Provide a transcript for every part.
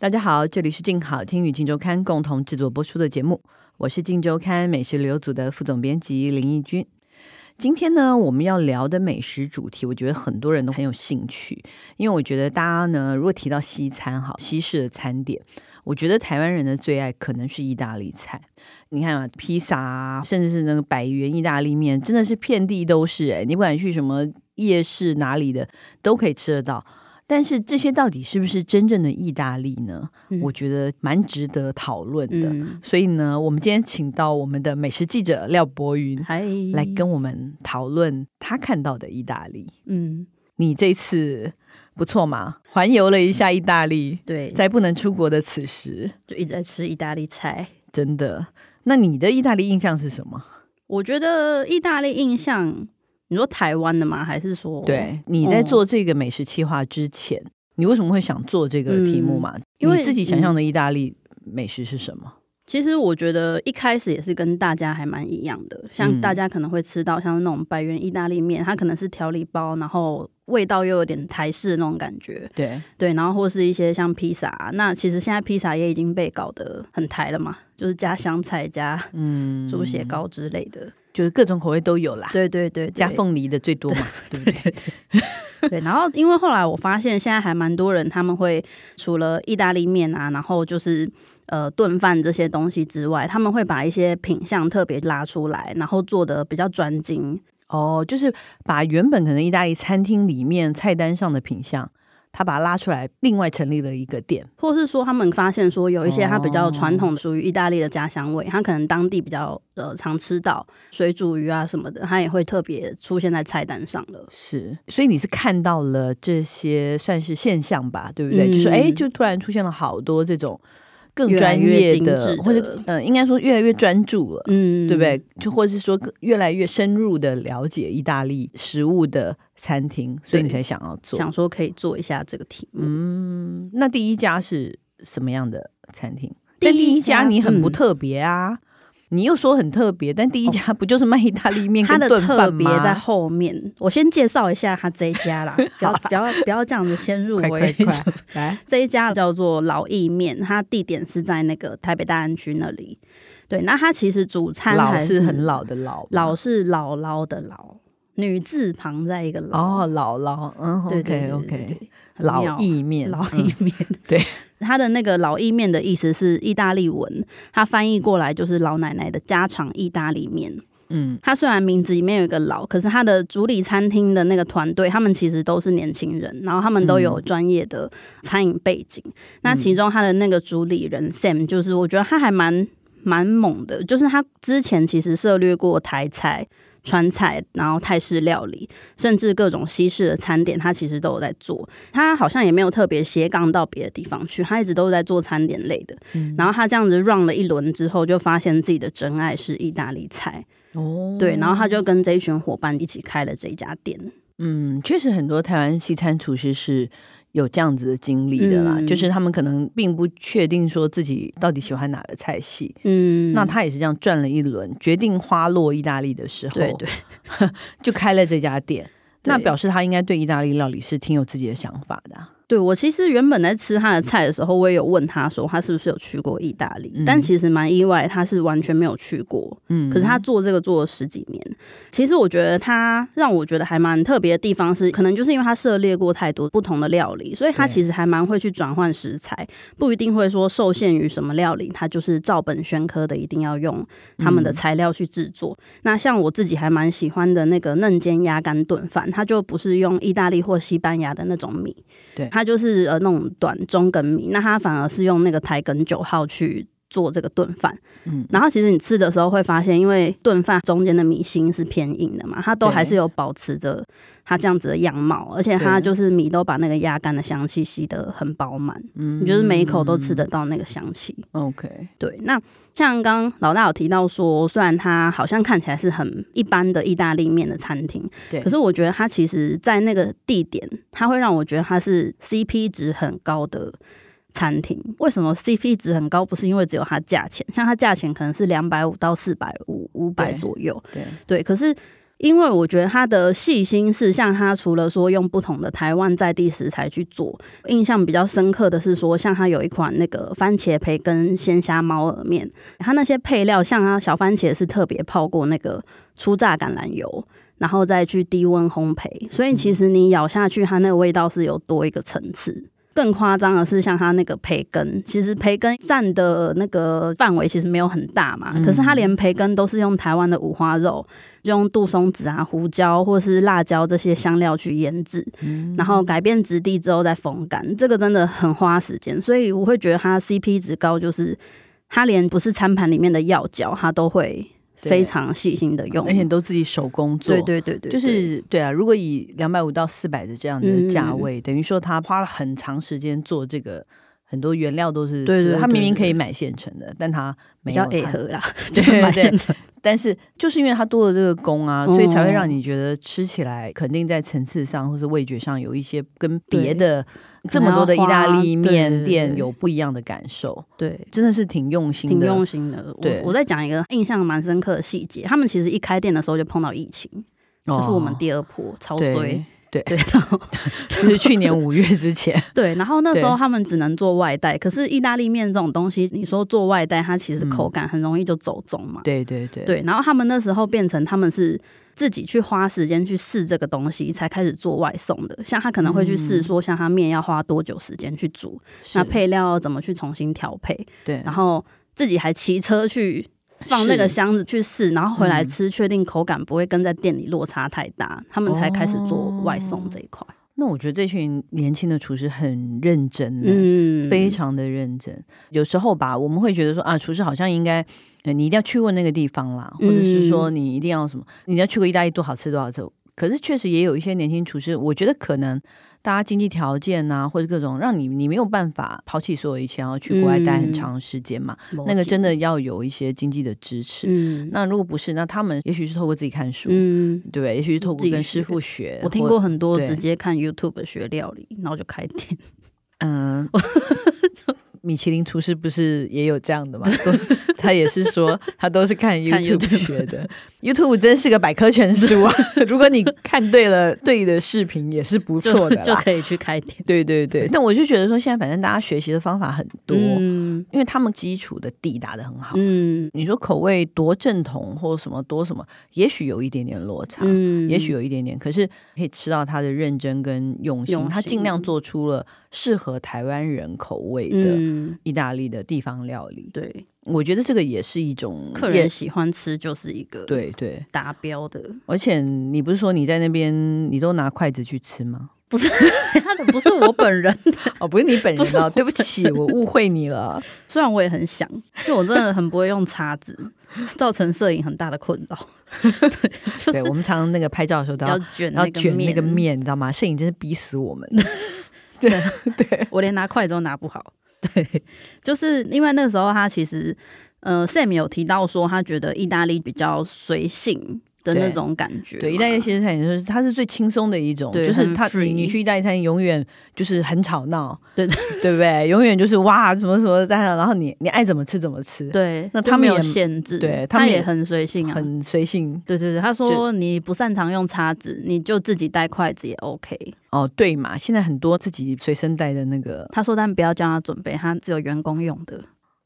大家好，這裡是鏡好聽與鏡週刊共同製作播出的節目，我是鏡週刊美食旅遊組的副總編輯林義君。今天呢，我們要聊的美食主題，我覺得很多人都很有興趣，因為我覺得大家呢，如果提到西餐哈，西式的餐點，我覺得台灣人的最愛可能是意大利菜。你看啊，披薩，甚至是那個百元意大利麵，真的是遍地都是、欸、你不管去什麼夜市哪裡的，都可以吃得到。但是這些到底是不是真正的意大利呢？嗯，我覺得蠻值得討論的，嗯。所以呢，我們今天請到我們的美食記者廖博雲，來跟我們討論他看到的意大利。嗯，你這次不錯嘛，環遊了一下意大利。嗯，對，在不能出國的此時，就一直在吃意大利菜。真的？那你的意大利印象是什麼？我覺得意大利印象。你說台灣的嗎？還是說？對，你在做這個美食企劃之前，嗯、你為什麼會想做這個題目嘛？因為自己想象的意大利美食是什麼？其實我覺得一開始也是跟大家還蠻一樣的，像大家可能會吃到像那種百元意大利麵，嗯、它可能是調理包，然後味道又有點台式那種感覺。對對，然後或是一些像披薩，那其實現在披薩也已經被搞得很台了嘛，就是加香菜加嗯豬血糕之類的。嗯就是各種口味都有啦，對，對對對，加鳳梨的最多嘛，對對，對，對。對，對，對， 對，然後因為後來我發現，現在還蠻多人他們會除了意大利麵啊，然後就是呃燉飯這些東西之外，他們會把一些品項，特別拉出來，然後做的比較專精。哦，就是把原本可能意大利餐廳裡面菜單上的品項。他把它拉出來，另外成立了一個店，或是說他們發現說有一些他比較傳統，哦，屬於意大利的家鄉味，他可能當地比較呃常吃到水煮魚啊什麼的，他也會特別出現在菜單上的。是，所以你是看到了這些算是現象吧，對不對？嗯，就是，哎，就突然出現了好多這種。更專業的，越來越精緻的，或者嗯，應該說越來越專注了，嗯，對不對？就或者是說越來越深入的了解意大利食物的餐廳，嗯，所以你才想要做，想說可以做一下這個題目。嗯，那第一家是什麼樣的餐廳？第一，第一家你很不特別啊。嗯你又說很特別，但第一家不就是賣意大利麵跟燉飯嗎？它的特別在後面。 我先介紹一下它這一家啦， 啦不要不要不要這樣子先入為主。來， 這一家叫做老義麵，它地點是在那個台北大安區那裡。對，那它其實主餐還是，老是很老的老老是老老的老。女字旁在一個老哦，姥姥，嗯對對對對，OK OK，、啊、老意面，嗯、老意面、嗯，對，他的那個老意面的意思是意大利文，他翻譯過來就是老奶奶的家常意大利麵。嗯，他雖然名字裡面有一個老，可是他的主理餐廳的那個團隊，他們其實都是年輕人，然後他們都有專業的餐飲背景。嗯、那其中他的那個主理人 Sam，就是我覺得他還蠻蠻猛的，就是他之前其實涉獵過台菜。川菜，然後泰式料理，甚至各種西式的餐點，他其實都有在做。他好像也沒有特別斜槓到別的地方去，他一直都在做餐點類的。嗯，然後他這樣子 run 了一輪之後，就發現自己的真愛是意大利菜。哦，對，然後他就跟這一群伙伴一起開了這一家店。嗯，確實很多台灣西餐廚師是。有這樣子的經歷的啦，嗯，就是他們可能並不確定說自己到底喜歡哪個菜系，嗯，那他也是這樣轉了一輪，決定花落意大利的時候，對，對，對 就開了這家店，那表示他應該對意大利料理是挺有自己的想法的啊。對，我其實原本在吃他的菜的時候，我也有問他說他是不是有去過意大利，嗯，但其實蠻意外，他是完全沒有去過。嗯，可是他做這個做了十幾年，其實我覺得他讓我覺得還蠻特別的地方是，可能就是因為他涉獵過太多不同的料理，所以他其實還蠻會去轉換食材，不一定會說受限於什麼料理，他就是照本宣科的一定要用他們的材料去製作。嗯，那像我自己還蠻喜歡的那個嫩煎鴨肝燉飯，它就不是用意大利或西班牙的那種米，對。他就是呃那種短中梗米，那他反而是用那個台梗九號去。做這個燉飯，嗯，然後其實你吃的時候會發現，因為燉飯中間的米芯是偏硬的嘛，它都還是有保持着它這樣子的樣貌，而且它就是米都把那個鴨乾的香氣吸得很飽滿，嗯，你就是每一口都吃得到那個香氣。OK，嗯，對，那像剛剛老大有提到說，雖然它好像看起來是很一般的意大利麵的餐廳，對，可是我覺得它其實在那個地點，它會讓我覺得它是 CP 值很高的。餐廳為什麼 CP 值很高？不是因為只有它價錢，像它價錢可能是兩百五到四百五五百左右對。對，對。可是因為我覺得它的細心是像它除了說用不同的台灣在地食材去做，印象比較深刻的是說像它有一款那個番茄培根鮮蝦貓耳面，它那些配料像它小番茄是特別泡過那個初榨橄欖油，然後再去低溫烘焙，所以其實你咬下去它那個味道是有多一個層次。嗯更誇張的是，像他那個培根，其實培根占的那個範圍其實沒有很大嘛，可是他連培根都是用台灣的五花肉，就用杜松子啊、胡椒或是辣椒這些香料去醃製，然後改變質地之後再風乾，這個真的很花時間，所以我會覺得他 CP 值高，就是他連不是餐盤裡面的要角他都會。非常細心的用，而且都自己手工做，對對對對，對，就是對啊。如果以兩百五到四百的這樣的價位，嗯，等於說他花了很長時間做這個。很多原料都是對對對對，他明明可以買現成的，但他沒有，比較愛喝啦，對對。但， 對對對 但是就是因為他多了這個工啊，嗯，所以才會讓你覺得吃起來肯定在層次上或是味覺上有一些跟別的這麼多的意大利麵店有不一樣的感受。對，對，對，對，真的是挺用心的。挺用心的。對。我，我再講一個印象蠻深刻的細節，他們其實一開店的時候就碰到疫情，哦，就是我們第二波超衰。對對，對 就是去年五月之前。 對，然後那時候他們只能做外帶，可是意大利麵這種東西，你說做外帶，它其實口感很容易就走鐘嘛。嗯、對，對對。對，然後他們那時候變成他們是自己去花時間去試這個東西，才開始做外送的。像他可能會去試說，像他麵要花多久時間去煮，嗯、那配料要怎麼去重新調配？對，然後自己還騎車去。放那個箱子去試，然後回來吃、嗯，確定口感不會跟在店裡落差太大，他們才開始做外送這一塊。哦、那我覺得這群年輕的廚師很認真，嗯，非常的認真。有時候吧，我們會覺得說啊，廚師好像應該、呃、你一定要去過那個地方啦，或者是說你一定要什麼，你要去過意大利多少次多少次。可是確實也有一些年輕廚師，我覺得可能。大家經濟條件啊，或者各種讓你你沒有辦法拋棄所有一切，然後去國外待很長時間嘛，嗯。那個真的要有一些經濟的支持，嗯。那如果不是，那他們也許是透過自己看書，嗯、對，也許是透過跟師傅學，學。我聽過很多直接看 YouTube 學料理，然後就開店。嗯、呃， 米其林廚師不是也有這樣的嗎？ 他也是說他都是看 YouTube 學的。 YouTube 真是個百科全書，啊，如果你看對了對的視頻，也是不錯的，就可以去開店。對對對，對，但我就覺得說，現在反正大家學習的方法很多，因為他們基礎的底打的很好。嗯，你說口味多正統或什麼多什麼，也許有一點點落差，嗯，也許有一點點，可是可以吃到他的認真跟用心，他盡量做出了適合台灣人口味的意大利的地方料理。對。我覺得這個也是一種客人喜歡吃，就是一個對對達標的對對。而且你不是說你在那邊你都拿筷子去吃嗎？不是，不是我本人 哦，不是你本人哦？對不起，我誤會你了。雖然我也很想，因為我真的很不會用叉子， 造成攝影很大的困擾。 對，我們常常那個拍照的時候都要捲，要捲那個麵，捲那個麵，你知道嗎？攝影真是逼死我們。 對，對，對，我連拿筷子都拿不好。對，就是因為那時候他其實，呃，Sam 有提到說他覺得意大利比較隨性的那種感覺對，對，意、啊、大利西餐也、就是，它是最輕鬆的一種對，就是它，你，你去意大利餐永遠就是很吵鬧，對對對不對？永遠就是哇什麼什麼在那，然後你你愛怎麼吃怎麼吃，對，那他們沒有限制，對他們也，他也很隨性、啊，很隨性，對對對，他說你不擅長用叉子，你就自己帶筷子也 OK。哦，對嘛，現在很多自己隨身帶的那個，他說但不要叫他準備，他只有員工用的。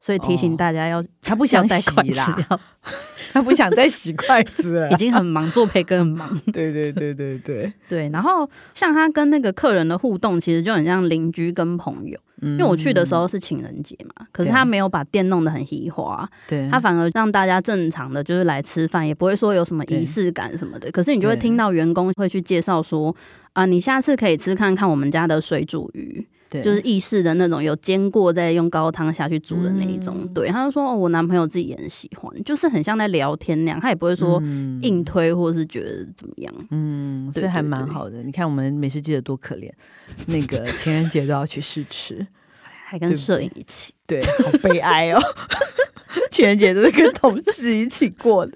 所以提醒大家要，哦，他不想再洗了 他不想再洗筷子， 已經很忙，做培根更忙。 對對對對對對， 對。然後像他跟那個客人的互動，其實就很像鄰居跟朋友，嗯。因為我去的時候是情人節嘛，嗯，可是他沒有把店弄得很喜華。對，他反而讓大家正常的就是來吃飯，也不會說有什麼儀式感什麼的。可是你就會聽到員工會去介紹說，啊，呃，你下次可以吃看看我們家的水煮魚。對，就是意式的那種，有煎過再用高湯下去煮的那一種、嗯。對，他就說：“哦，我男朋友自己也很喜歡，就是很像在聊天那樣，他也不會說硬推或是覺得怎麼樣。嗯”嗯，所以還蠻好的。你看我們美食記者多可憐， 那個情人節都要去試吃，還跟攝影一起，對對，對，好悲哀哦。 情人節都是跟同事一起過的，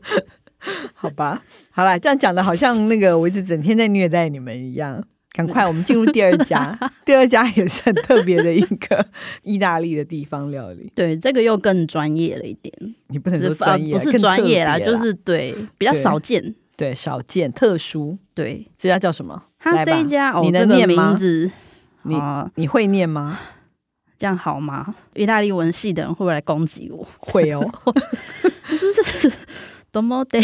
好吧，好吧，這樣講的好像那個我一直整天在虐待你們一樣。趕快，我們進入第二家。 第二家也是很特別的一個意大利的地方料理。對，這個又更專業了一點。你不能說專業了、就是、啊，不是專業啦，就是對比較少見對。對，少見，特殊。對，這家叫什麼？它這一家、哦，你能念嗎？這個名字，你你會念嗎？這樣好嗎？意大利文系的人會不會來攻擊我？會哦。就 是 這是多麼的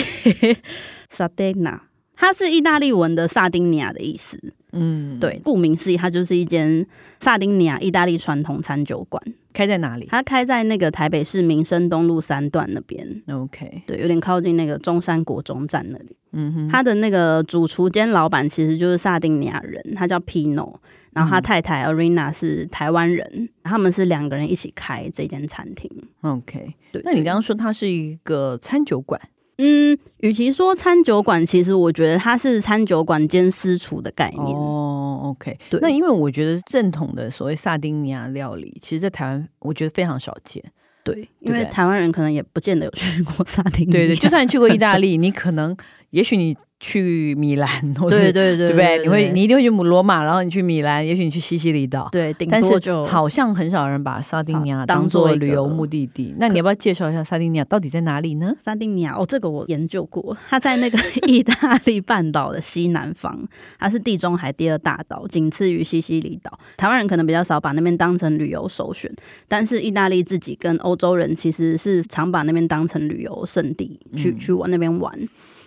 Sardegna。它是意大利文的薩丁尼亞的意思，嗯，對，顧名思義，它就是一間薩丁尼亞意大利傳統餐酒館。開在哪裡？它開在那個台北市民生東路三段那邊。OK，對，有點靠近那個中山國中站那裡。嗯哼，他的那個主廚兼老闆其實就是薩丁尼亞人，他叫 Pino，然後他太太 Arena 是台灣人，嗯，他們是兩個人一起開這間餐廳。OK，對，對，對。那你剛剛說它是一個餐酒館？嗯，與其說餐酒館，其實我覺得它是餐酒館兼私廚的概念。哦、oh，OK，對。那因為我覺得正統的所謂薩丁尼亞料理，其實，在台灣我覺得非常少見。對，對因為台灣人可能也不見得有去過薩丁尼亞。對，對對，就算你去過意大利， 你可能。也許你去米蘭，或是，對，對對，對？你會你一定會去羅馬，然後你去米蘭。也許你去西西里島，對，頂多就。但是好像很少人把撒丁尼亞當做旅遊目的地。那你要不要介紹一下撒丁尼亞到底在哪裡呢？撒丁尼亞，哦，這個我研究過。它在那個意大利半島的西南方， 它是地中海第二大島，僅次於西西里島。台灣人可能比較少把那邊當成旅遊首選，但是意大利自己跟歐洲人其實是常把那邊當成旅遊勝地去、嗯、去往那邊玩。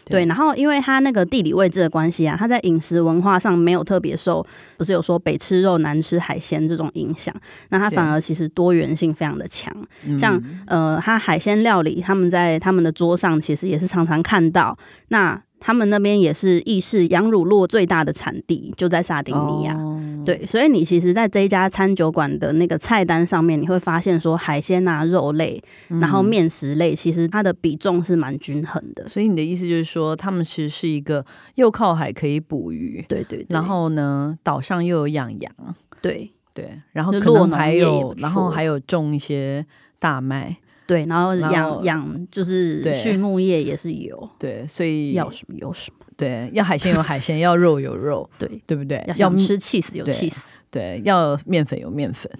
對，然後因為它那個地理位置的關係啊，它在飲食文化上沒有特別受，不是有說北吃肉、南吃海鮮這種影響，那它反而其實多元性非常的強，嗯、像呃它海鮮料理，他們在他們的桌上其實也是常常看到，那他們那邊也是意式羊乳酪最大的產地，就在薩丁尼亞。哦對，所以你其實，在這一家餐酒館的那個菜單上面，你會發現說海鮮啊、肉類，然後麵食類，其實它的比重是蠻均衡的。嗯，所以你的意思就是說，他們其實是一個又靠海可以捕魚，對，對對，然後呢，島上又有養羊，羊，對對，然後可能還有，然後還有種一些大麥。對，然後養然後養就是畜牧業也是有，對，所以要什麼有什麼，對，要海鮮有海鮮， 要肉有肉，對，對不對？要吃起司有起司，對，要麵粉有麵粉，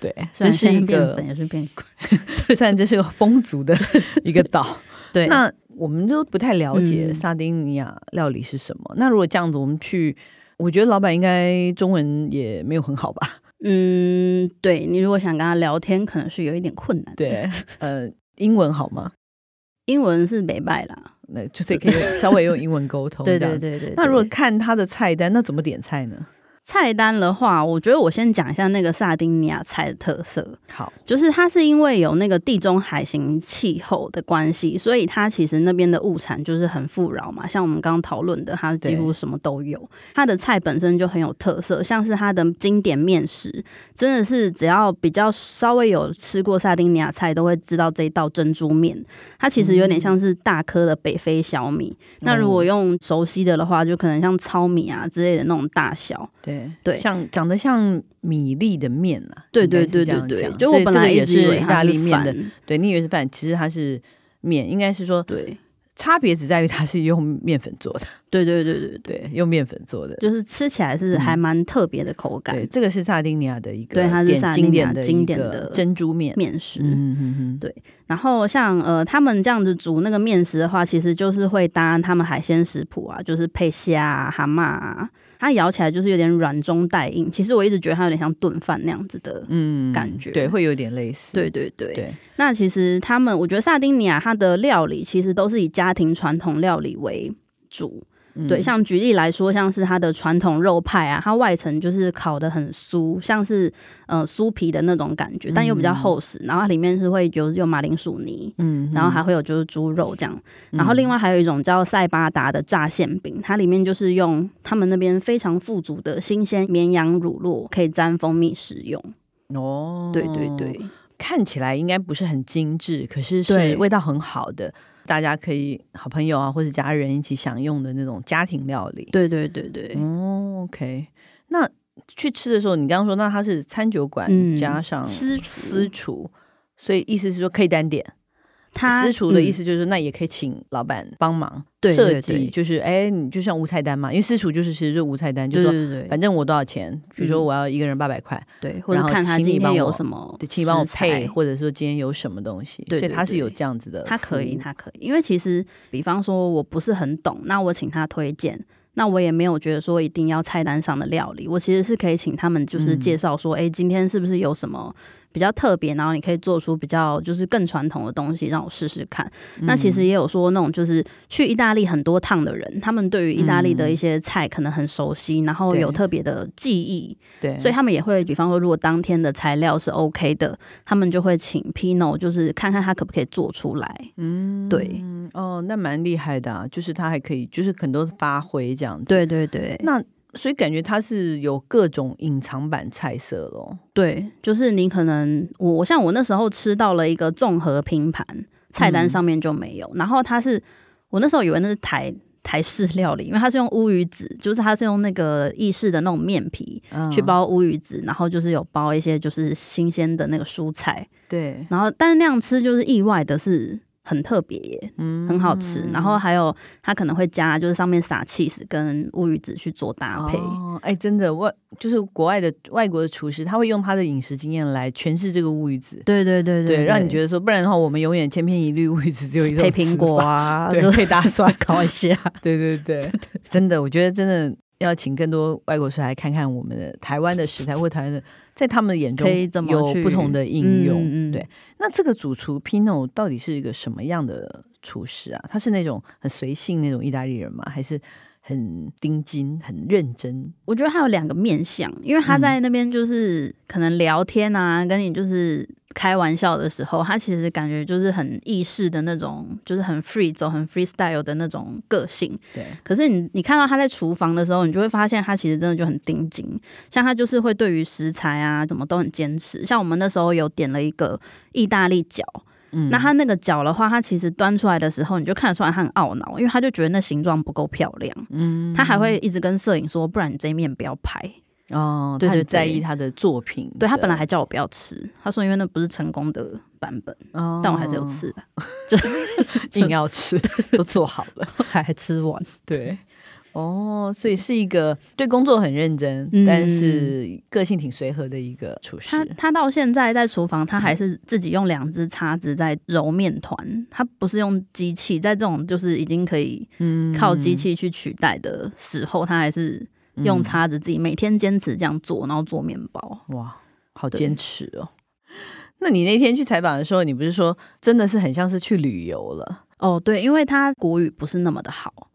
對，這是一個麵粉也是變貴，雖然這是個豐足的一個島， 對。那我們都不太了解薩丁尼亞料理是什麼。 那，什麼嗯、那如果這樣子，我們去，我覺得老闆應該中文也沒有很好吧。嗯，對，你如果想跟他聊天，可能是有一點困難的。對，呃，英文好嗎？英文是沒敗啦，那就所以可以稍微用英文溝通。對對對。那如果看他的菜單，那怎麼點菜呢？菜單的話，我覺得我先講一下那個薩丁尼亞菜的特色。好，就是它是因為有那個地中海型氣候的關係，所以它其實那邊的物產就是很富饒嘛。像我們剛剛討論的，它幾乎什麼都有。它的菜本身就很有特色，像是它的經典麵食，真的是只要比較稍微有吃過薩丁尼亞菜，都會知道這一道珍珠麵。它其實有點像是大顆的北非小米，嗯。那如果用熟悉的的話，就可能像糙米啊之類的那種大小。對。對，像長得像米粒的麵啊，對對對對對，就我本來也是意大利麵的，對，你以為是飯，其實它是麵，應該是說，對，差別只在於它是用麵粉做的，對對對對，對，對，對，用麵粉做的，就是吃起來是還蠻特別的口感。嗯、對，這個是薩丁尼亞的一個，的一個，對，它是薩丁尼亞的經典的珍珠麵麵食。嗯嗯嗯，對。然後像呃，他們這樣子煮那個麵食的話，其實就是會搭他們海鮮食譜啊，就是配蝦啊、啊蛤蟆啊。它咬起來就是有點軟中帶硬，其實我一直覺得它有點像燉飯那樣子的感覺。嗯，對，會有點類似，對對對。對。那其實他們，我覺得薩丁尼亞它的料理其實都是以家庭傳統料理為主。對，像舉例來說，像是它的傳統肉派啊，它外層就是烤得很酥，像是嗯、呃、酥皮的那種感覺，但又比較厚實，然後它裡面是會有用馬鈴薯泥，嗯，然後還會有就是豬肉這樣，然後另外還有一種叫塞巴達的炸餡餅，它裡面就是用他們那邊非常富足的新鮮綿羊乳酪，可以沾蜂蜜食用。哦，對對對，看起來應該不是很精致，可是是味道很好的。大家可以好朋友啊，或者家人一起享用的那種家庭料理。對對對對，哦，嗯，OK。那去吃的時候，你剛剛說那它是餐酒館，嗯，加上私廚，私廚，所以意思是說可以單點。他嗯、私廚的意思就是說，那也可以請老闆幫忙設計，就是哎、欸，你就像無菜單嘛，因為私廚就是其實就是無菜單，對對對，就說反正我多少錢，比、嗯、如說我要一個人八百塊，對，或者看他今天有什麼，對，請你幫我配，或者說今天有什麼東西，對對對，所以他是有這樣子的，他可以，他可以，因為其實比方說我不是很懂，那我請他推薦，那我也沒有覺得說一定要菜單上的料理，我其實是可以請他們就是介紹說，哎、嗯欸，今天是不是有什麼？比較特別，然後你可以做出比較就是更傳統的東西，讓我試試看、嗯。那其實也有說那種就是去意大利很多趟的人、嗯，他們對於意大利的一些菜可能很熟悉，嗯、然後有特別的記憶。對，所以他們也會，比方說如果當天的材料是 OK 的，他們就會請 Pino 就是看看他可不可以做出來。嗯，對。哦，那蠻厲害的啊，就是他還可以，就是很多發揮這樣子。對對對。那。所以感覺它是有各種隱藏版菜色咯、哦。對，就是你可能我像我那時候吃到了一個綜合拼盤，菜單上面就沒有。嗯、然後它是我那時候以為那是台台式料理，因為它是用烏魚子，就是它是用那個意式的那種麵皮去包烏魚子、嗯，然後就是有包一些就是新鮮的那個蔬菜。對，然後但是那樣吃就是意外的是。很特別，嗯，很好吃。嗯、然後還有，他可能會加，就是上面撒氣 h 跟烏魚子去做搭配。哦，哎、欸，真的，外就是國外的外國的廚師，他會用他的飲食經驗來詮釋這個烏魚子。對對對對，對，對，讓你覺得說，不然的話，我們永遠千篇一律，烏魚子只有一種配蘋果啊，啊對，配大蒜搞一下。 對，對對對，真的，我覺得真的要請更多外國廚師來看看我們的台灣的食材，或台灣的。 在他們的眼中有不同的應用，嗯嗯、對。那這個主廚 Pino 到底是一個什麼樣的廚師啊？他是那種很隨性那種意大利人嗎？還是很頂真、很認真？我覺得他有兩個面相，因為他在那邊就是可能聊天啊，嗯、跟你就是。開玩笑的時候，他其實感覺就是很意式的那種，就是很 free 走、很 free style 的那種個性。對。可是你你看到他在廚房的時候，你就會發現他其實真的就很盯緊。像他就是會對於食材啊，怎麼都很堅持。像我們那時候有點了一個意大利餃，嗯，那他那個餃的話，他其實端出來的時候，你就看得出來他很懊惱，因為他就覺得那形狀不夠漂亮，嗯，他還會一直跟攝影說，不然你這一面不要拍。哦，他就在意他的作品的。對，對，對，對，他本來還叫我不要吃，他說因為那不是成功的版本，哦、但我還是有吃吧，就是 硬要吃的。都做好了還 還吃完。對，哦，所以是一個對工作很認真，嗯、但是個性挺隨和的一個廚師。他他到現在在廚房，他還是自己用兩隻叉子在揉麵團，他不是用機器。在這種就是已經可以靠機器去取代的時候，嗯、他還是，用叉子自己每天堅持這樣做，嗯，然後做麵包。哇，好堅持哦！那你那天去採訪的時候，你不是說真的是很像是去旅遊了？哦，對，因為他國語不是那麼的好。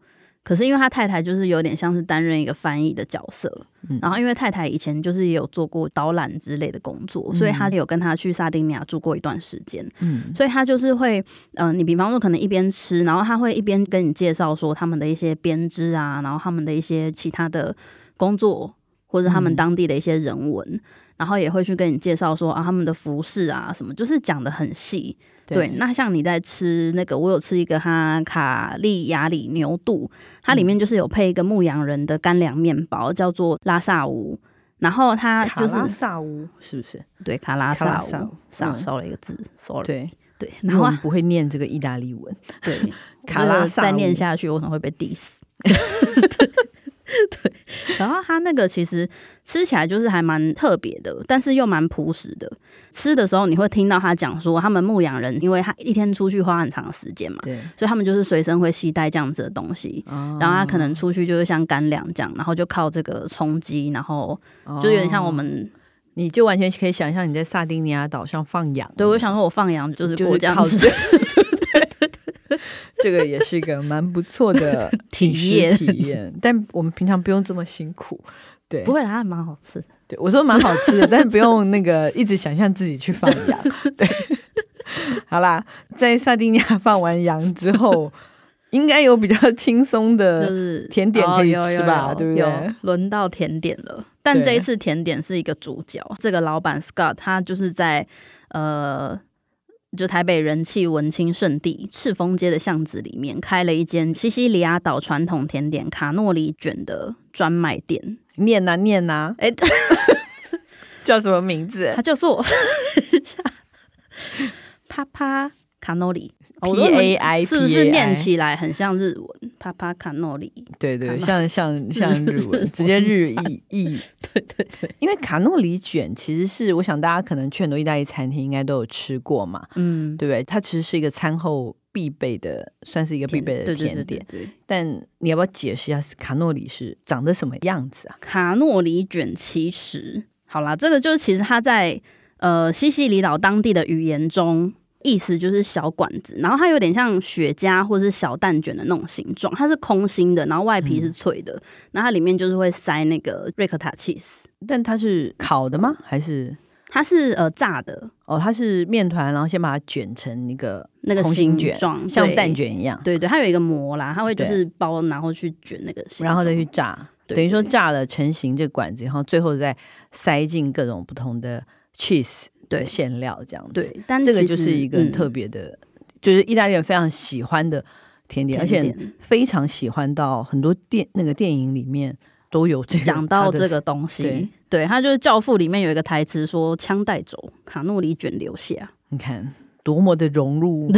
可是因為他太太就是有點像是擔任一個翻譯的角色，嗯、然後因為太太以前就是也有做過導覽之類的工作、嗯，所以他有跟他去薩丁尼亞住過一段時間，嗯，所以他就是會，呃，你比方說可能一邊吃，然後他會一邊跟你介紹說他們的一些編織啊，然後他們的一些其他的工作，或者他們當地的一些人文、嗯，然後也會去跟你介紹說啊他們的服飾啊什麼，就是講得很細。對，那像你在吃那個，我有吃一個哈卡利亞里牛肚、嗯，它裡面就是有配一個牧羊人的乾糧麵包，叫做拉薩烏，然後它就是拉薩烏是不是？對，卡拉薩烏，少、嗯、了一個字，sorry、嗯。對對，然後不會念這個意大利文，對，卡拉薩烏，再念下去我可能會被 diss。 對 對，然後他那個其實吃起來就是還蠻特別的，但是又蠻樸實的。吃的時候你會聽到他講說，他們牧羊人因為他一天出去花很長時間嘛，對，所以他們就是隨身會攜帶這樣子的東西、嗯。然後他可能出去就是像乾糧這樣，然後就靠這個充飢，然後就有點像我們，嗯、你就完全可以想象你在薩丁尼亞島上放羊。對，我想說，我放羊就是過這樣子。 這個也是一個蠻不錯的體驗體驗，但我們平常不用這麼辛苦，對，不會啦，蠻好吃。對我說蠻好吃的，吃的 但是不用那個一直想象自己去放羊，對。好啦，在薩丁尼亞放完羊之後， 應該有比較輕鬆的，甜點可以吃吧？就是哦、有有有有對不對？輪到甜點了，但這一次甜點是一個主角，這個老闆 Scott，他就是在呃。就台北人氣文青聖地赤峰街的巷子裡面，開了一間西西里亞島傳統甜點卡諾里卷的專賣店。念啊念啊，哎、欸， 叫什麼名字？他叫做 啪啪。卡諾里 P A I 是不是念起來很像日文？啪啪卡諾里，對對，Canoli、像像像日文， 直接日意意。 對對對，因為卡諾里捲其實是，我想大家可能去很多意大利餐廳應該都有吃過嘛，嗯，對不對？它其實是一個餐後必備的，算是一個必備的甜點。對對對對對對，但你要不要解釋一下卡諾里是長得什麼樣子啊？卡諾里捲其實，好啦，這個就是其實它在呃西西里島當地的語言中。意思就是小管子，然後它有點像雪茄或是小蛋卷的那種形狀，它是空心的，然後外皮是脆的，嗯、然後它裡面就是會塞那個瑞克塔 cheese，但它是烤的嗎？啊、還是它是呃炸的？哦，它是麵糰，然後先把它捲成一個那個空心卷、那個、狀，像蛋卷一樣對。對對，它有一個膜啦，它會就是包，然後去卷那個，然後再去炸對對，等於說炸了成型這管子，然後最後再塞進各種不同的 cheese。對，餡料這樣子，對，但這個就是一個很特別的、嗯，就是意大利人非常喜歡的甜點，甜點，而且非常喜歡到很多電那個電影裡面都有講、這個、到這個東西。它對，他就是《教父》裡面有一個台詞說“槍帶走，卡諾里卷留下。”你看多麼的融入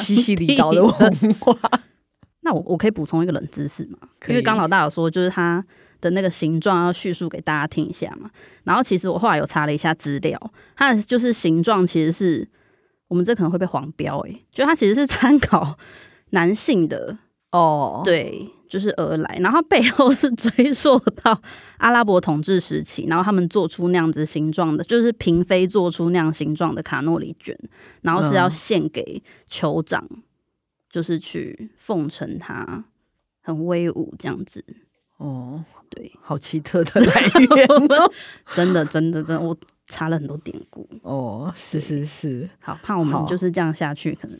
西西里島的文化。 那我我可以補充一個冷知識嗎？因為剛老大有說，就是他。的那個形狀要敘述給大家聽一下嘛。然後其實我後來有查了一下資料，它的就是形狀，其實是我們這可能會被黃標誒、欸，就它其實是參考男性的哦，對，就是而來。然後它背後是追溯到阿拉伯統治時期，然後他們做出那樣子形狀的，就是嬪妃做出那樣形狀的卡諾里卷，然後是要獻給酋長，就是去奉承他，很威武這樣子。哦，對，好奇特的來源，哦 真的，真的，真的，真我查了很多典故。哦，是是是，好怕我們就是這樣下去，可能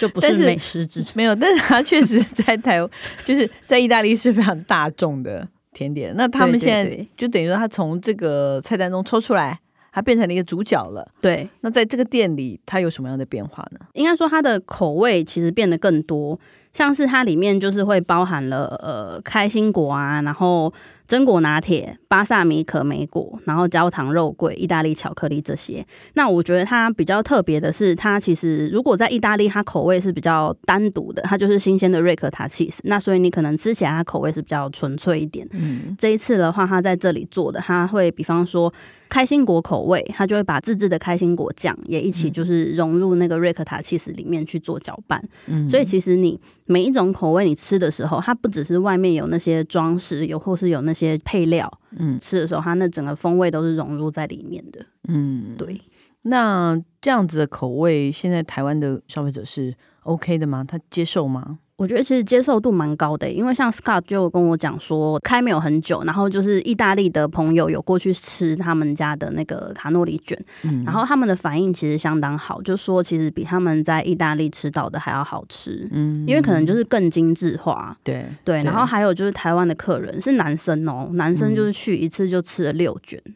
就不是美 食之處沒有，但是它確實在台， 就是在意大利，是非常大眾的甜點。那他們現在就等於說，他從這個菜單中抽出來，他變成了一個主角了。對，那在這個店裡，它有什麼樣的變化呢？應該說，它的口味其實變得更多。像是它裡面就是會包含了呃開心果啊，然後，榛果拿鐵、巴薩米可莓果，然後焦糖肉桂、意大利巧克力這些。那我覺得它比較特別的是，它其實如果在意大利，它口味是比較單獨的，它就是新鮮的瑞克塔 cheese，那所以你可能吃起來它口味是比較純粹一點。嗯。這一次的話，它在這裡做的，它會比方說開心果口味，它就會把自制的開心果醬也一起就是融入那個瑞克塔 cheese 裡面去做攪拌。嗯。所以其實你每一種口味你吃的時候，它不只是外面有那些裝飾，有或是有那。一些配料，嗯，吃的時候，它那整個風味都是融入在裡面的，嗯，對。那這樣子的口味，現在台灣的消費者是 OK 的嗎？他接受嗎？我覺得其實接受度蠻高的。欸，因為像 Scott 就跟我講說開沒有很久，然後就是意大利的朋友有過去吃他們家的那個卡諾里卷，嗯，然後他們的反應其實相當好，就說其實比他們在意大利吃到的還要好吃，嗯，因為可能就是更精緻化，嗯，對對。然後還有就是台灣的客人是男生哦，喔，男生就是去一次就吃了六卷，嗯，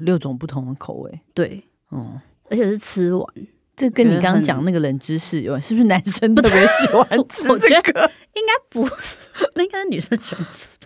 六種不同的口味，對，嗯，而且是吃完。這跟你剛剛講那個冷知識有關，是不是男生特別喜歡吃、這個、我覺得應該不是，那應該是女生喜歡吃。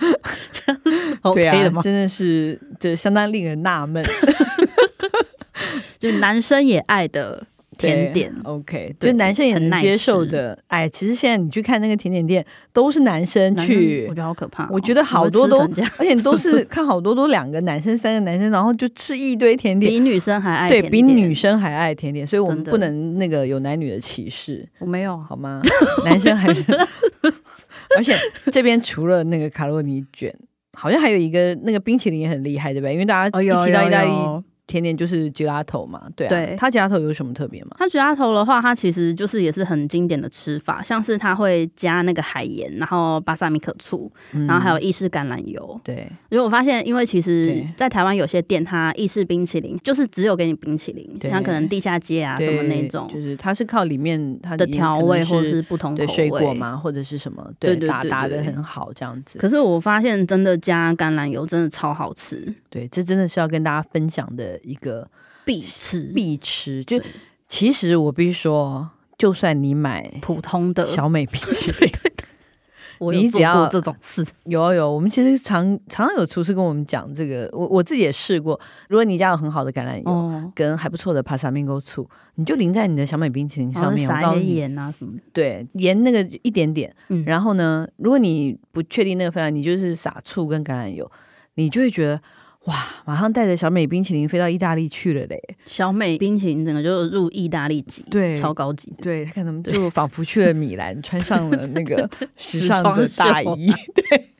這樣子，OK 的嗎？真的是，這相當令人納悶， 就男生也愛的。甜點，OK，就男生也能接受的。哎，其實現在你去看那個甜點店，都是男生去，生我覺得好可怕哦。我覺得好多都，而且都是看好多都兩個男生、 三個男生，然後就吃一堆甜點，比女生還愛，對，對比女生還愛甜點。所以我們不能那個有男女的歧視。我，歧視我沒有好嗎？ 男生還是。 而且這邊除了那個卡洛尼卷，好像還有一個那個冰淇淋也很厲害，對不對？因為大家一提到意大利，哎呦呦呦呦甜點就是吉拉頭嘛，對啊。對，它吉拉頭有什麼特別嗎？它吉拉頭的話，它其實就是也是很經典的吃法，像是它會加那個海鹽，然後巴薩米可醋，嗯、然後還有意式橄欖油。對，如果我發現，因為其實在台灣有些店，它意式冰淇淋就是只有給你冰淇淋，對，像可能地下街啊什麼那種，就是它是靠裡面它的調味或者是不同的水果嘛，或者是什麼。對，對對對，對，對打的很好這樣子。可是我發現真的加橄欖油真的超好吃。對，這真的是要跟大家分享的。一個必吃必吃，就其實我必須說，就算你買普通的小美冰淇淋，對 我過你只要這種事。有有，我們其實常常常有廚師跟我們講這個，我我自己也試過。如果你家有很好的橄欖油，哦、跟還不錯的巴薩米克醋，你就淋在你的小美冰淇淋上面，撒點鹽啊，啊什麼的。對，鹽那個一點點，嗯，然後呢，如果你不確定那個分量，你就是撒醋跟橄欖油，你就會覺得。嗯哇！馬上帶着小美冰淇淋飛到意大利去了嘞！小美冰淇淋整個就是入意大利籍，對，超高級，對，看他們，就仿佛去了米蘭， 穿上了那個時尚的大衣，啊、對。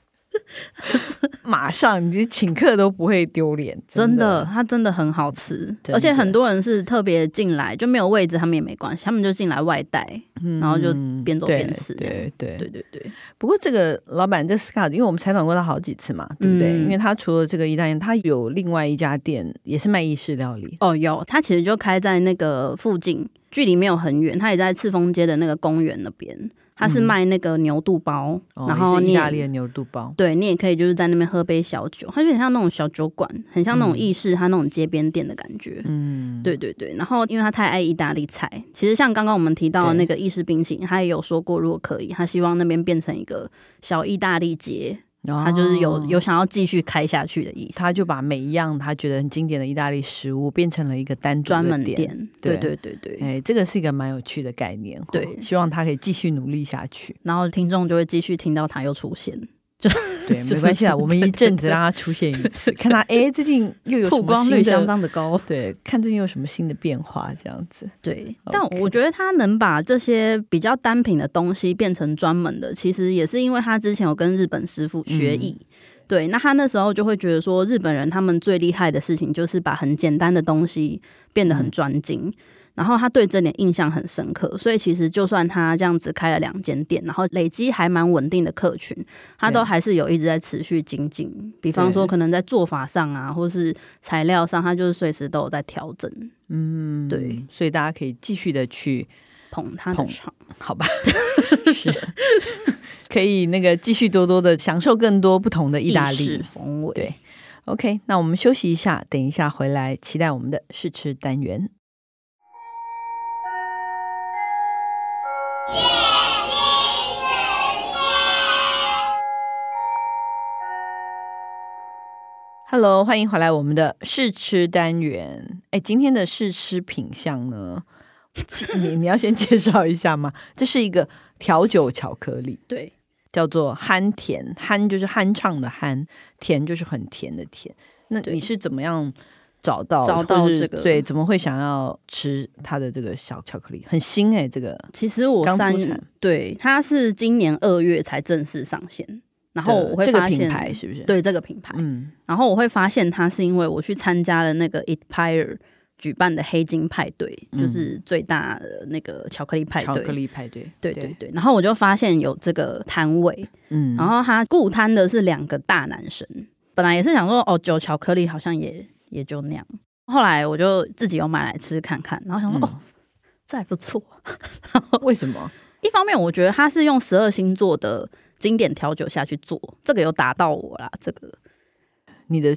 馬上你就請客都不會丟臉，真的，它真的很好吃，嗯、而且很多人是特別進來就沒有位置，他們也沒關係，他們就進來外帶，然後就邊走邊吃，嗯，對對對，對對對。不過這個老闆這個、Scott，因為我們採訪過他好幾次嘛，對不對？嗯、因為他除了這個意大利，他有另外一家店也是賣意式料理哦，有。他其實就開在那個附近，距離沒有很遠，他也在赤峰街的那個公園那邊。他是賣那個牛肚包，嗯哦，然後你是意大利的牛肚包，對，你也可以就是在那邊喝杯小酒，他就很像那種小酒館，很像那種意式他那種街邊店的感覺，嗯，對對對。然後因為他太愛意大利菜，其實像剛剛我們提到那個意式冰淇淋，他也有說過，如果可以，他希望那邊變成一個小意大利街。然、哦、後他就是有有想要繼續開下去的意思，他就把每一樣他覺得很經典的意大利食物變成了一個單專門店，對，對對對對，哎，這個是一個蠻有趣的概念，對，希望他可以繼續努力下去，然後聽眾就會繼續聽到他又出現。就 對，沒關係啦，我們一陣子讓他出現一次，對對對，看他哎、欸，最近又有曝光率相當的高，對，看最近有什麼新的變化，這樣子。對、okay，但我覺得他能把這些比較單品的東西變成專門的，其實也是因為他之前有跟日本師傅學藝、嗯。對，那他那時候就會覺得說，日本人他們最厲害的事情就是把很簡單的東西變得很專精。嗯嗯然後他對這點印象很深刻，所以其實就算他這樣子開了兩間店，然後累積還蠻穩定的客群，他都還是有一直在持續精進。比方說，可能在做法上啊，或是材料上，他就是隨時都有在調整。嗯，對，所以大家可以繼續的去捧他場捧，好吧， 是， 可以那個繼續多多的享受更多不同的意大利式風味。對，OK，那我們休息一下，等一下回來，期待我們的試吃單元。哈，耶 耶 Hello，歡迎回來我們的試吃單元。哎，今天的試吃品項呢？ 你你要先介紹一下嗎？這是一個調酒巧克力，對，叫做“酣甜”。酣就是酣暢的酣，甜就是很甜的甜。那你是怎麼樣？找到、就是，找到這個，所以怎麼會想要吃他的這個小巧克力？很新哎、欸，這個其實我剛出對，它是今年二月才正式上線。然後我會發現，嗯這個、是不是對這個品牌？嗯，然後我會發現它是因為我去參加了那個 e t p i r e 舉辦的黑金派對、嗯，就是最大的那個巧克力派對，巧克力派對，對對對。對然後我就發現有這個攤位，嗯，然後他顧攤的是兩個大男生。本來也是想說，哦，酒巧克力好像也。也就那樣。後來我就自己又買來吃,吃看看，然後想說、嗯、哦，這還不錯。 為什麼？一方面我覺得他是用十二星座的經典調酒下去做，這個有達到我啦。這個你的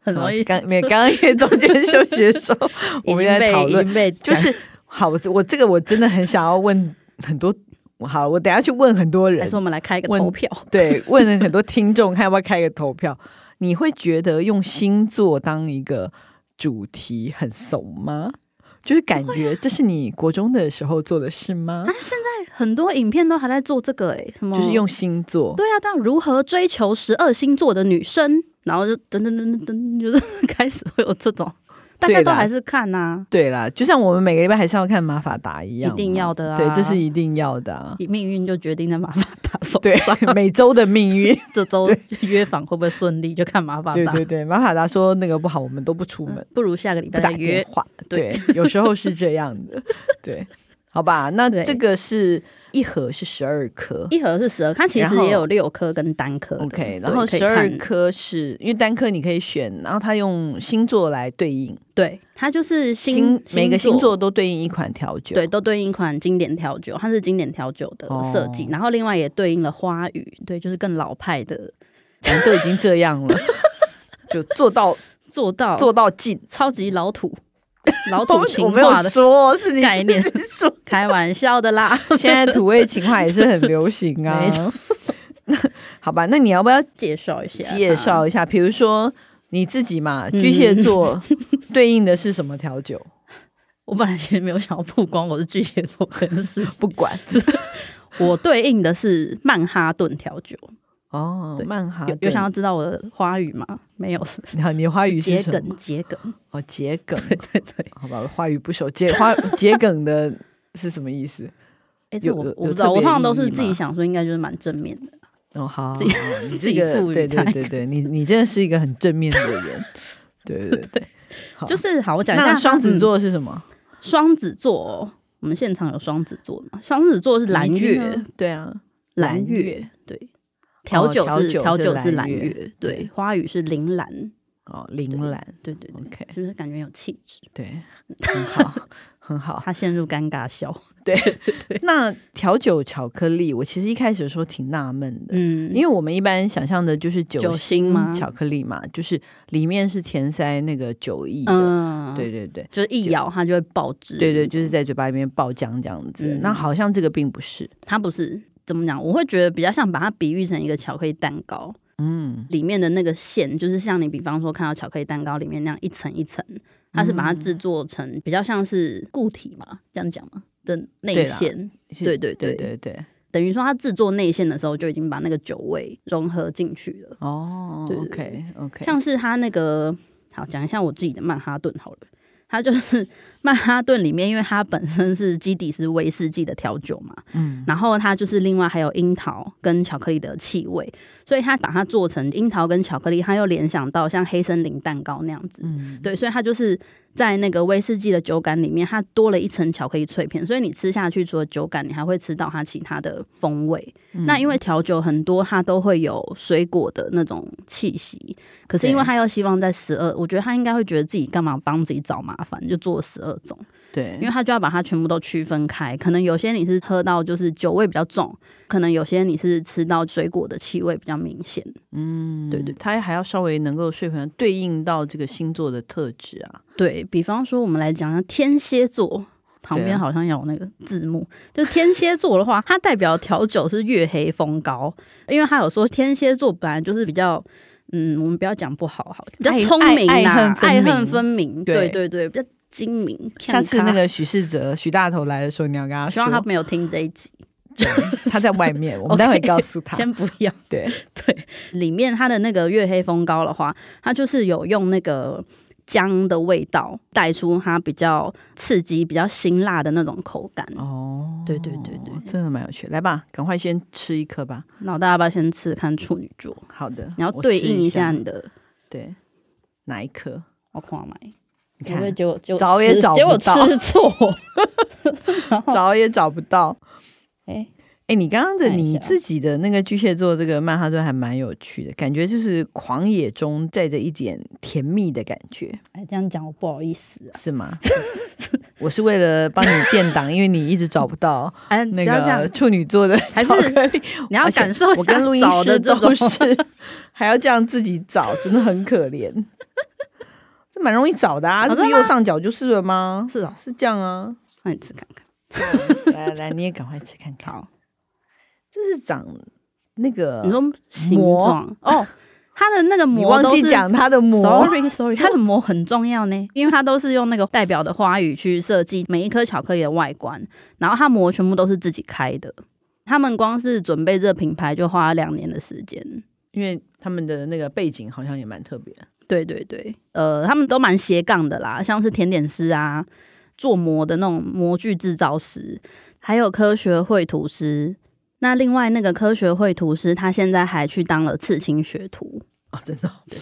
很容易剛沒剛也剛中間休息的時候， 被我們在討論，被就是好，我這個我真的很想要問很多。好，我等下去問很多人。還是我們來開個投票？對，問了很多聽眾， 看要不要開個投票。你會覺得用星座當一個主題很慫嗎？就是感覺這是你國中的時候做的事嗎？啊，現在很多影片都還在做這個誒、欸、什麼就是用星座？對啊，但如何追求十二星座的女生，然後就等等等等等，就是開始會有這種。大家都還是看吶、啊，對啦，就像我們每個禮拜還是要看馬法達一樣，一定要的啊，對，這是一定要的啊。命運就決定在馬法達手上，對， 每周的命運， 這周約訪會不會順利，就看馬法達。對對對，馬法達說那個不好，我們都不出門，嗯、不如下個禮拜再約對。對，有時候是這樣的， 對，好吧，那這個是。一盒是十二顆，一盒是十二，它其實也有六顆跟單顆。OK，然後十二顆是因為單顆你可以選，然後它用星座來對應。對，它就是星，每個星座，星座都對應一款調酒。對，都對應一款經典調酒，它是經典調酒的設計。哦，然後另外也對應了花語，對，就是更老派的，嗯，都已經這樣了， 就做到 做到做到盡，超級老土。老土情話的，我沒有說、哦、是你， 開玩笑的啦。 現在土味情話也是很流行啊。 那好吧，那你要不要介紹一下？介紹一下，比如說你自己嘛，巨蟹座、嗯、對應的是什麼調酒 ？我本來其實沒有想要曝光，我是巨蟹座，可是不管。 我對應的是曼哈頓調酒。哦，蠻好。有想要知道我的花語嗎？沒有，你好，你的花語是桔梗，桔梗哦，桔梗，對對對，好吧，花語不熟。桔花，桔 梗的是什麼意思？欸、這我有，有我不知道有的，我通常都是自己想說，應該就是蠻正面的。哦，好，自己你個 自己賦予，對對對對，你你真的是一個很正面的人。 對對對，好，就是好，我講一下。雙子座是什麼？雙子座、哦，我們現場有雙子座嗎？雙子座是藍月，對啊，藍月，對、啊。調酒是調、哦、酒，是，調酒是，藍是藍月，對，花語是鈴蘭哦，鈴蘭，對對，對，OK，就是感覺有氣質，對， 很好，很好。他陷入尷尬笑，對對。那調酒巧克力，我其實一開始的時候挺納悶的，嗯，因為我們一般想象的就是酒心嘛，巧克力嘛，就是裡面是填塞那個酒意，嗯，對對對就，就是一咬它就會爆汁，對對，對，就是在嘴巴裡面爆漿這樣子，嗯。那好像這個並不是，它不是。怎麼講？我會覺得比較像把它比喻成一個巧克力蛋糕，嗯，裡面的那個餡就是像你，比方說看到巧克力蛋糕裡面那樣一層一層，嗯，它是把它製作成比較像是固體嘛，這樣講嘛的內餡，對對對對對，等於說它製作內餡的時候就已經把那個酒味融合進去了。哦，對，OK OK，像是它那個，好講一下我自己的曼哈頓好了。它就是曼哈頓裡面，因為它本身是基底是威士忌的調酒嘛，嗯，然後它就是另外還有櫻桃跟巧克力的氣味，所以它把它做成櫻桃跟巧克力，它又聯想到像黑森林蛋糕那樣子，嗯，對，所以它就是。在那個威士忌的酒感裡面，它多了一層巧克力脆片，所以你吃下去除了酒感，你還會吃到它其他的風味。嗯、那因為調酒很多，它都會有水果的那種氣息，可是因為它又希望在十二，我覺得他應該會覺得自己幹嘛幫自己找麻煩，就做十二種。對，因為他就要把它全部都區分開，可能有些你是喝到就是酒味比較重，可能有些你是吃到水果的氣味比較明顯，嗯，對對，他還要稍微能夠說出來對應到這個星座的特質啊。對比方說，我們來講講天蠍座，旁邊好像有那個字幕，就是天蠍座的話， 它代表調酒是月黑風高，因為他有說天蠍座本來就是比較，嗯，我們不要講不好，好，比較聰明、愛、愛恨分明，愛恨分明，對對對。比較精明，下次那個許世哲、許大頭來的時候，你要跟他說，希望他沒有聽這一集。就是、 他在外面，我待會告訴他，okay, 先不要。對對，對，裡面他的那個月黑風高的話，他就是有用那個薑的味道帶出他比較刺激、比較辛辣的那種口感。哦、oh，對對對對，真的蠻有趣。來吧，趕快先吃一顆吧。那大家要不要先吃，看處女座。好的，你要對應一下你的下，對，哪一顆。我看我買。你看，就就找也找不到，結錯，找也找不到。哎、欸欸，你剛剛的你自己的那個巨蟹座這個曼哈頓還蠻有趣的，感覺就是狂野中帶着一點甜蜜的感覺。哎、欸，這樣講我不好意思、啊，是嗎？ 我是為了幫你墊檔， 因為你一直找不到那個處女座的巧克力。你要感受一下，我跟錄音師找的這種事，還要這樣自己找，真的很可憐。 蠻容易找的啊，就在右上角就是了嗎？是啊。喔，是這樣啊。那你吃看看， 嗯、來來，你也趕快吃看看哦。這是長那個，你說形狀哦？Oh, 它的那個膜 忘記講它的膜，sorry sorry，它的膜很重要呢，因為它都是用那個代表的花語去設計每一顆巧克力的外觀，然後它膜全部都是自己開的。他們光是準備這個品牌就花了兩年的時間，因為他們的那個背景好像也蠻特別。對對對，呃，他們都蠻斜槓的啦，像是甜點師啊、做模的那種模具製造師，還有科學繪圖師。那另外那個科學繪圖師，他現在還去當了刺青學徒哦，真的，哦，對。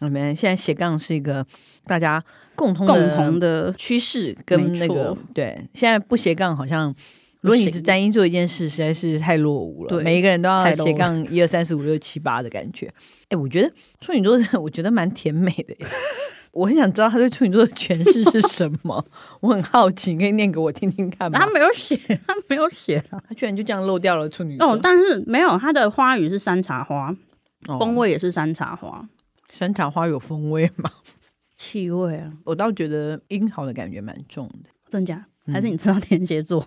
我們 現在斜槓是一個大家共同的趨勢、共同的趨勢，跟那個對，現在不斜槓好像。如果你是單一做一件事，實在是太落伍了。對，每一個人都要斜槓一二三四五六七八的感覺。哎，我覺得處女座的，的我覺得蠻甜美的耶。 我很想知道他對處女座的詮釋是什麼。 我很好奇，你可以念給我聽聽看嗎？他沒有寫，他沒有寫了，他居然就這樣漏掉了處女座。哦，但是沒有他的花語是山茶花，哦，風味也是山茶花。山茶花有風味嗎？氣味啊，我倒覺得櫻花的感覺蠻重的。真假？還是你，嗯、知道天蠍座？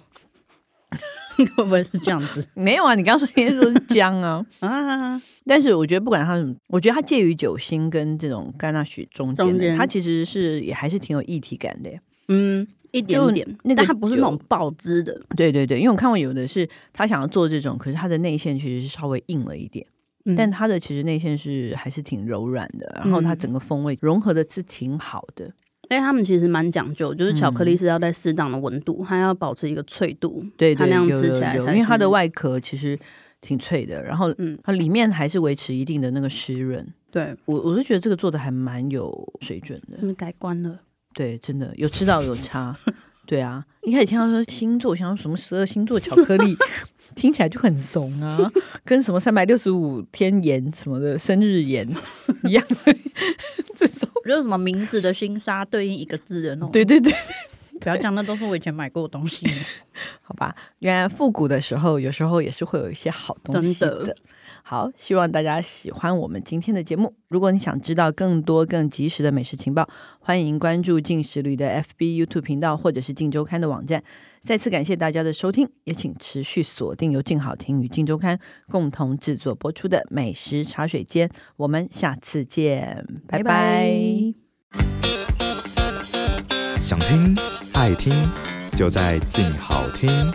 會 不會是這樣子？ 沒有啊，你剛剛說應該說是薑啊啊！ 但是我覺得不管它麼，我覺得它介於酒心跟這種甘納許中間的中，它其實是也還是挺有一體感的。嗯，一點點就那個，但它不是那種爆汁的。對對對，因為我看過有的是，他想要做這種，可是它的內餡其實是稍微硬了一點，嗯、但它的其實內餡是還是挺柔軟的，然後它整個風味融合的是挺好的。哎、欸，他們其實蠻講究，就是巧克力是要在適當的溫度，嗯，還要保持一個脆度，對，對，它那樣吃起來才有有有，因為它的外殼其實挺脆的，然後嗯，它裡面還是維持一定的那個濕潤。對、嗯、我，我是覺得這個做的還蠻有水準的，嗯、改觀了。對，真的有吃到有差。 對啊，你可以聽到說星座，像什麼十二星座巧克力， 聽起來就很慫啊， 跟什麼三百六十五天鹽什麼的生日鹽一樣。 這種沒有什麼名字的星砂對應一個字的那種。 對對對， 不要講，那都是我以前買過的東西。 好吧，原來復古的時候，有時候也是會有一些好東西的。 好，希望大家喜歡我們今天的節目。如果你想知道更多、更及時的美食情報，歡迎關注“鏡食旅”的 FB、YouTube 頻道，或者是《鏡週刊》的網站。再次感謝大家的收聽，也請持續鎖定由“鏡好聽”與《鏡週刊》共同制作播出的《美食茶水間》。我們下次見，拜拜。想聽、愛聽，就在“鏡好聽”。